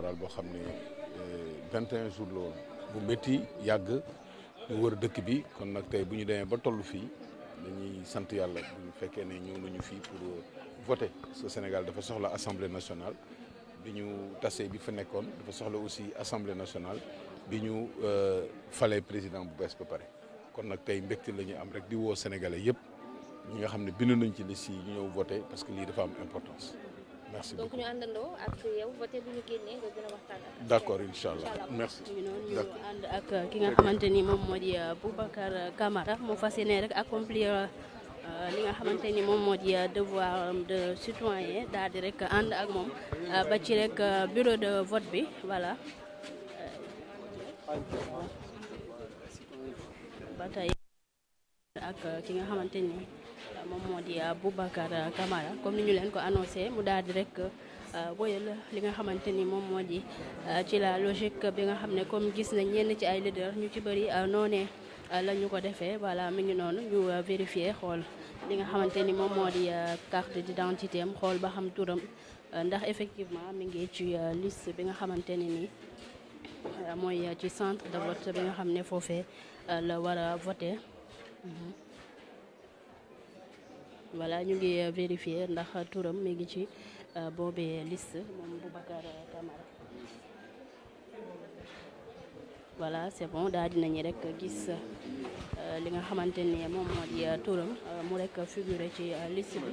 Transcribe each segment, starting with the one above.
daal boo xam ne euh, vingt et un bu métti yàgg ñu wër dëkk bi kon nag tey bu ñu demee ba toll fii dañuy sant yàlla bu ñu fekkee ne ñëw nañu fii pour voter parce que Sénégal dafa soxla assemblée nationale bi ñu tasee bi fa nekkoon dafa soxla aussi assemblée nationale bi ñu euh, falee président bu bees ba pare kon nag tey mbégte la ñu am rek di woo sénégalais yëpp ñi nga xam ne bind nañ ci liste si ñu ñëw voter parce que lii dafa am importance merci donc ñu àndandoo ak yow ba tey ñu génnee nga gën a waxtaan ak. d' allah merci. d' accord ñu ànd ak ki nga xamante ni moom moo di euh, Boubacar Camara mu fas yéene rek accomplir euh, li nga xamante ni moom moo di euh, devoir de citoyen daal di rek ak moom ba ci rek bureau de vote bi voilà. ba tey ak ki nga xamante ni. moom moo di euh, Boubacar Camara comme ni ñu leen ko annoncé mu daal di rek euh, wóyal li nga xamante ni moom moo di euh, ci la logique bi nga xam ne comme gis nañ ñenn ci ay leader ñu ci bëri noonee la ñu ko defee voilà mi ngi noonu ñu xool li nga xamante ni moom moo di carte d'identité am xool ba xam turam ndax effectivement mi ngi ci liste bi nga xamante ni nii mooy ci centre de vote bi nga xam ne foofee la war a voter mhm. voilà ñu ngi euh, vérifier ndax turam mi ngi ci euh, boobee list moom Boubacar Camara voilà c'est bon daal dinañu rek gis euh, li nga xamante ni moom moo di turam mu rekk figuré ci liste bi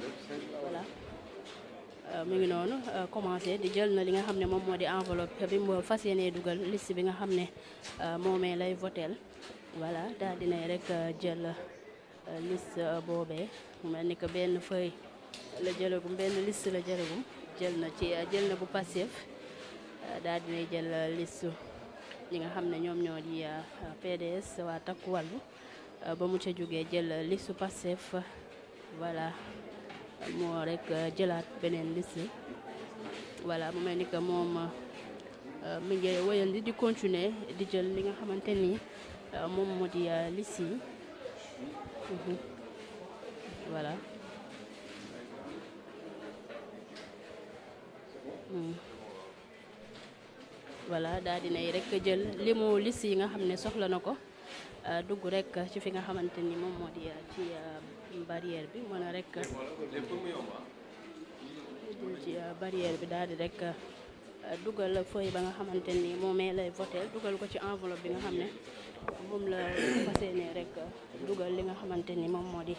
voilà mu ngi noonu commencé di jël na li nga xam ne moom moo di enveloppe bi mu fas yéenee dugal liste bi nga xam ne moomee lay voteel voilà daal dinay rek jël liste euh, boobe mu mel ni que benn feuille la jëlagum benn liste la jëlagum jël na ci euh, jël na bu Pastef euh, daal dinay jël liste ñi nga xam ne ñoom ñoo di PDS waa Takku ba mu ca jógee jël liste Pastef voilà moo rek jëlaat beneen liste voilà mu mel ni moom mi ngi wéyal di di continuer di jël li nga xamante ni moom moo di liste yi Mm-hmm. voilà daldi mm. daal rekk rek jël li mu liste yi nga xam ne soxla na ko euh, dugg rek ci fi nga xamante ni moom moo di euh, ci euh, barrière bi mën a rek ci barrière bi daal di dugal feuille ba nga xamante ni moom mais lay voté dugal ko ci enveloppe bi nga xam ne moom la fas rek dugal li nga xamante ni moom moo di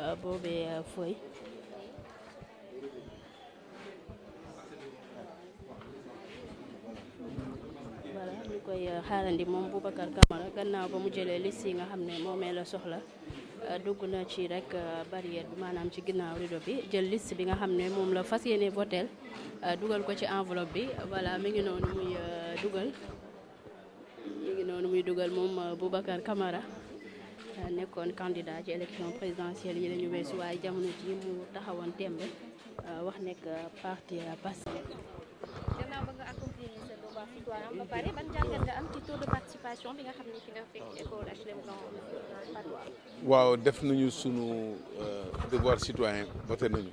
euh, boobee euh, feuille. voilà ñu koy euh, xaarandi moom bu Boubacar Camara gannaaw ba mu jëlee liste yi nga xam ne moomee la soxla. Euh, dugg na ci rek euh, barrière bi maanaam ci ginnaaw rideau bi jël liste bi nga xam ne moom la fas yéene votel euh, dugal ko ci enveloppe bi voilà mi ngi noonu muy dugal mi ngi noonu muy dugal moom Boubacar Camara nekkoon candidat ci élection présidentielle yi la ñu weesu waaye jamono ji mu taxawoon tembe wax nekk parti Pastef waaw def nañu sunu euh, devoir citoyen voté nañu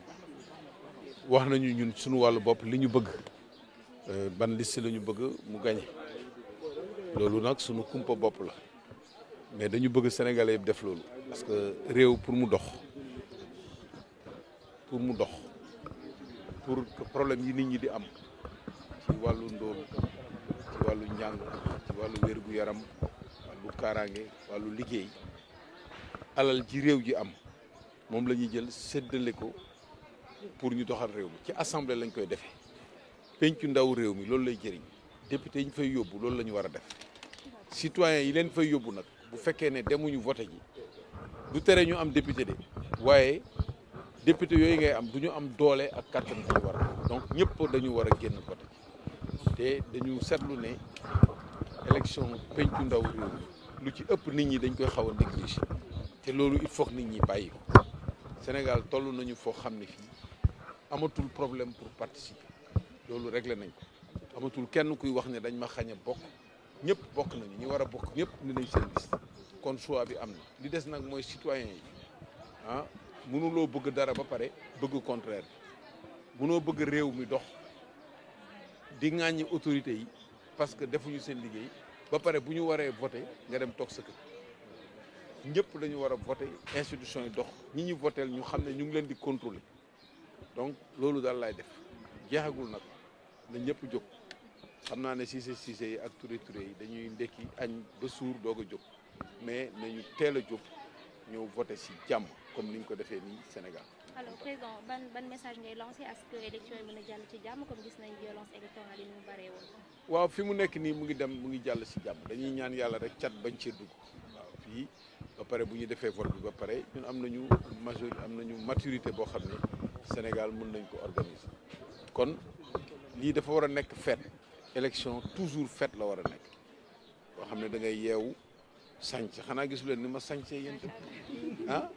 wax nañu ñun sunu wàllu bopp li ñu bëgg euh, ban liste bëgg mu gagné loolu nag sunu kumpa bopp la mais dañu bëgg sénégalais yëpp def loolu parce que réew pour mu dox pour mu dox pour problème yi nit ñi di am ci wàllu ndóol njàng ci wàllu wér-gu-yaram wàllu kaaraange wàllu liggéey alal ji réew ji am moom la ñuy jël séddale ko pour ñu doxal réew mi ci assemblée lañ koy defee pencu ndaw réew mi loolu lay jëriñ député yi ñu fay yóbbu loolu la ñu war a def citoyen yi leen fay yóbbu nag bu fekkee ne demuñu voté ji du tere ñu am député de waaye député yooyu ngay am du ñu am doole ak kàttan bu ñu donc ñëpp dañu war a génn voté te dañu seetlu ne élection pencu ndaw réew lu ci ëpp nit ñi dañ koy xaw a négligé te loolu il foog nit ñi bàyyi ko Sénégal toll nañu foo xam ne fii amatul problème pour participer loolu réglé nañ ko amatul kenn kuy wax ne dañ ma xañ bokk ñëpp bokk nañu ñi war a bokk ñëpp ni nañ seen liste kon choix bi am na li des nag mooy citoyen yi ah mënuloo bëgg dara ba pare bëgg contraire bi mënoo bëgg réew mi dox di ŋàññi autorité yi parce que defuñu seen liggéey ba pare bu ñu waree voté nga dem toog sa kër ñëpp dañu war a voté institution yi dox ñi ñu votel ñu xam ne ñu ngi leen di contrôler donc loolu daal lay def jeexagul nag na ñëpp jóg xam naa ne Cissé Cissé yi ak Touré Touré yi dañuy ndekki añ ba suur doog a jóg mais nañu teel a jóg ñëw voté si jàmm comme ni ñu ko defee nii Sénégal waaw fi mu nekk nii mu ngi dem mu ngi jàll si jàmm dañuy ñaan yàlla rek cat bañ cee dugg waaw fii ba pare bu ñu defee vote bi ba pare ñun am nañu major am nañu maturité boo xam ne Sénégal mën nañ ko organiser kon lii dafa war a nekk fête élection toujours fête la war a nekk boo xam ne dangay ngay yeewu sànc xanaa gisuleen ni ma sàncee yéen ah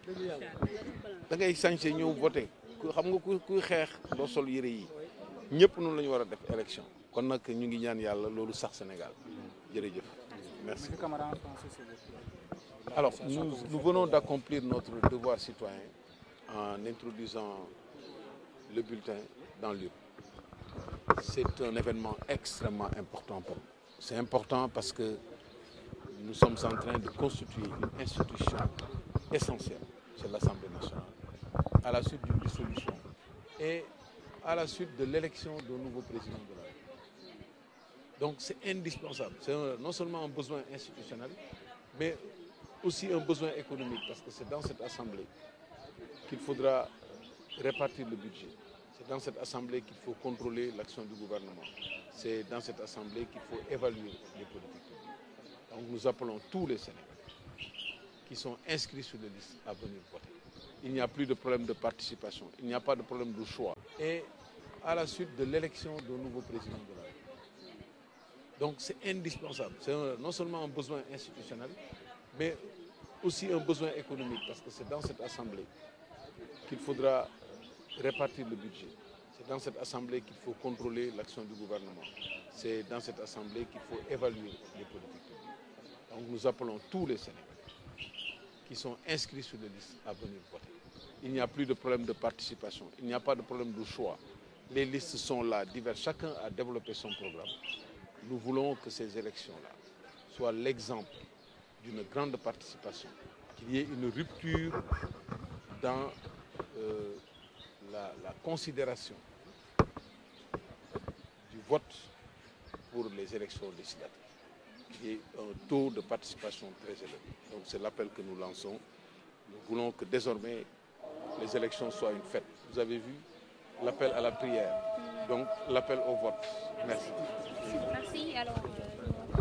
da ngay sañse ñëw voté ku xam nga ku kuy xeex doo sol yére yi ñëpp noonu la ñu war a def élection kon nag ñu ngi ñaan yàlla loolu sax Sénégal jërëjëf merci alors nous, nous venons d'accomplir notre devoir citoyen en introduisant le bulletin dans l'urne c'est un événement extrêmement important pour nous c'est important parce que nous sommes en train de constituer une institution essentielle c'est l'Assemblée nationale à la suite de l'élection d'un nouveau président de la République. Donc c'est indispensable. C'est non seulement un besoin institutionnel, mais aussi un besoin économique, parce que c'est dans cette Assemblée qu'il faudra répartir le budget. C'est dans cette Assemblée qu'il faut contrôler l'action du gouvernement. C'est dans cette Assemblée qu'il faut évaluer les politiques nous appelons tous les Sénégalais qui sont inscrits sur les listes à venir voter. il n'y a plus de problème de participation, il n'y a pas de problème de choix. Et à la suite de l'élection d'un nouveau président de la République. Donc c'est indispensable. non seulement un besoin institutionnel, mais aussi un besoin économique, parce que c'est dans cette Assemblée qu'il faudra répartir le budget. C'est dans cette Assemblée qu'il faut contrôler l'action du gouvernement. C'est dans cette Assemblée qu'il faut évaluer les politiques nous appelons tous les Sénégalais qui sont inscrits sur les listes à venir voter. Il n'y a plus de problème de participation, il n'y a pas de problème de choix. Les listes sont là, divers. Chacun a développé son programme. Nous voulons que ces élections-là soient l'exemple d'une grande participation, qu'il y ait une rupture dans euh, la, considération du vote pour les élections législatives. qui est de participation très élevé. Donc c'est l'appel que nous lançons. Nous voulons que désormais les élections soient une fête. Vous avez vu l'appel à la prière, donc l'appel au vote. Merci. Merci. Alors... Euh,